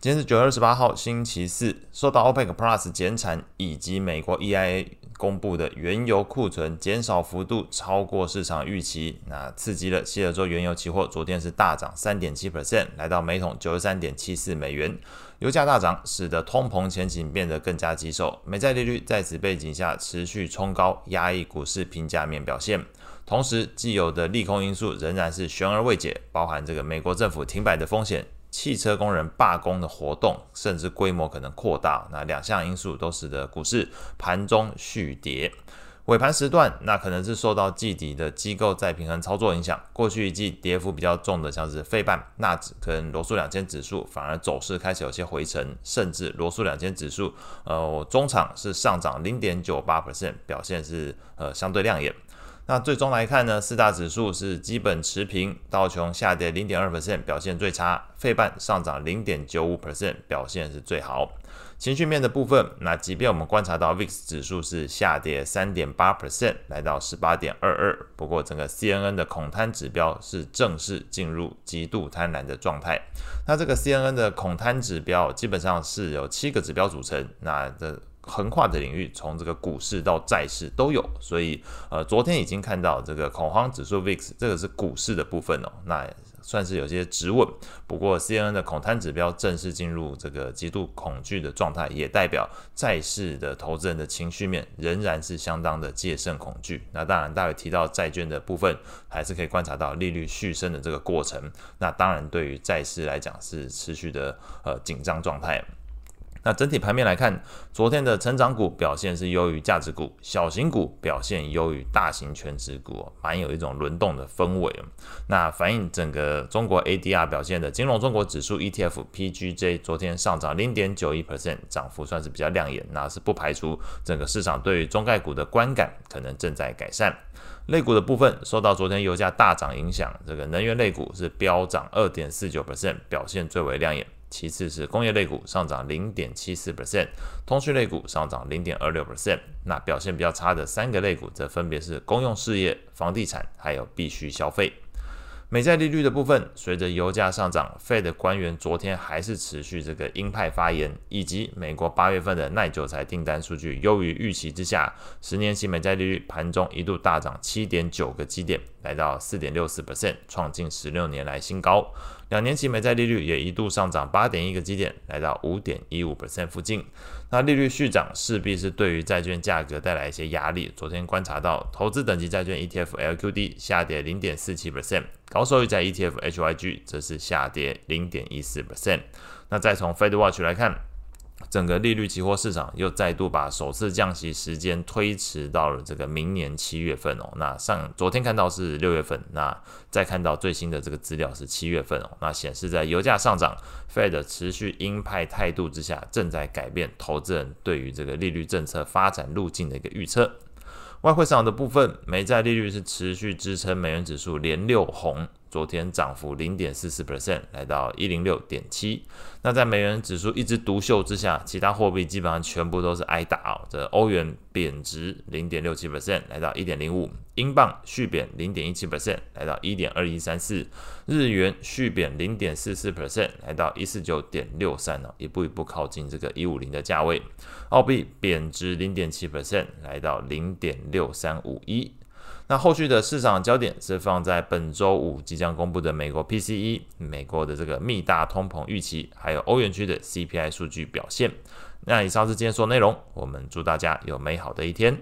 今天是九月二十八號，星期四。受到 OPEC Plus 減產以及美國 EIA 公布的原油庫存減少幅度超過市場預期，那刺激了西德州原油期貨。昨天是大漲三點七 percent，來到每桶九十三點七四美元。油價大漲使得通膨前景變得更加棘手。美債利率在此背景下持續衝高，壓抑股市評價面表現。同時，既有的利空因素仍然是懸而未解，包含這個美國政府停擺的風險。汽車工人罷工的活動，甚至規模可能擴大，那兩項因素都使得股市盤中續跌。尾盤時段，那可能是受到季底的機構再平衡操作影響。過去一季跌幅比較重的，像是費半、納指跟羅素兩千指數，反而走勢開始有些回神，甚至羅素兩千指數，呃，我終場是上漲零點九八 percent 表現是呃相對亮眼。那最終來看呢，四大指數是基本持平，道瓊下跌零點二%表現最差；費半上漲零點九五%表現是最好。情緒面的部分，那即便我們觀察到 VIX 指數是下跌三點八%來到十八點二二%，不過整個 CNN 的恐貪指標是正式進入極度貪婪的狀態。那這個 CNN 的恐貪指標基本上是由七個指標組成，那這。橫跨的領域，從這個股市到債市都有，所以呃，昨天已經看到這個恐慌指數 VIX，這個是股市的部分哦，那算是有些止穩。不過 CNN 的恐貪指標正式進入這個極度恐懼的狀態，也代表債市的投資人的情緒面仍然是相當的戒慎恐懼。那當然，大家提到債券的部分，還是可以觀察到利率續升的這個過程。那當然，對於債市來講，是持續的呃緊張狀態。那整體盤面來看，昨天的成長股表現是優於價值股，小型股表現優於大型權值股，蠻有一種輪動的氛圍。那反映整個中國 ADR 表現的金龍中國指數 ETF PGJ 昨天上漲0.91%，漲幅算是比較亮眼。那是不排除整個市場對於中概股的觀感可能正在改善。類股的部分受到昨天油價大漲影響，這個能源類股是飆漲2.49%，表現最為亮眼。其次是工業類股上漲零點七四 percent 通訊類股上漲零點二六 percent 那表現比較差的三個類股則分別是公用事業、房地產，還有必需消費。美債利率的部分，隨着油價上漲，Fed 官員昨天還是持續這個鷹派發言，以及美國八月份的耐久財訂單數據優於預期之下，十年期美債利率盤中一度大漲七點九個基點。來到四點六四 percent，創近十六年來新高。兩年期美債利率也一度上漲八點一個基點，來到五點一五 percent 附近。那利率續漲勢必是對於債券價格帶來一些壓力。昨天觀察到，投資等級債券 ETF LQD 下跌零點四七 percent，高收益債 ETF HYG 則是下跌零點一四 percent。那再從 Fed Watch 來看。整個利率期貨市場又再度把首次降息時間推遲到了這個明年七月份哦。那上昨天看到是六月份，那再看到最新的這個資料是七月份哦。那顯示在油價上漲、FED 持續鷹派態度之下，正在改變投資人對於這個利率政策發展路徑的一個預測。外匯市場的部分，美債利率是持續支撐美元指數連六紅。昨天漲幅零點四四 percent，來到一零六點七。那在美元指數一枝獨秀之下，其他貨幣基本上全部都是挨打哦。這歐元貶值零點六七 percent，來到一點零五；英鎊續貶零點一七 percent，來到一點二一三四；日元續貶零點四四 percent，來到一四九點六三哦，一步一步靠近這個一五零的價位。澳幣貶值零點七 percent，來到零點六三五一。那後續的市場焦點是放在本周五即將公布的美國 PCE、美國的這個密大通膨預期，還有歐元區的 CPI 數據表現。那以上是今天所有內容，我們祝大家有美好的一天。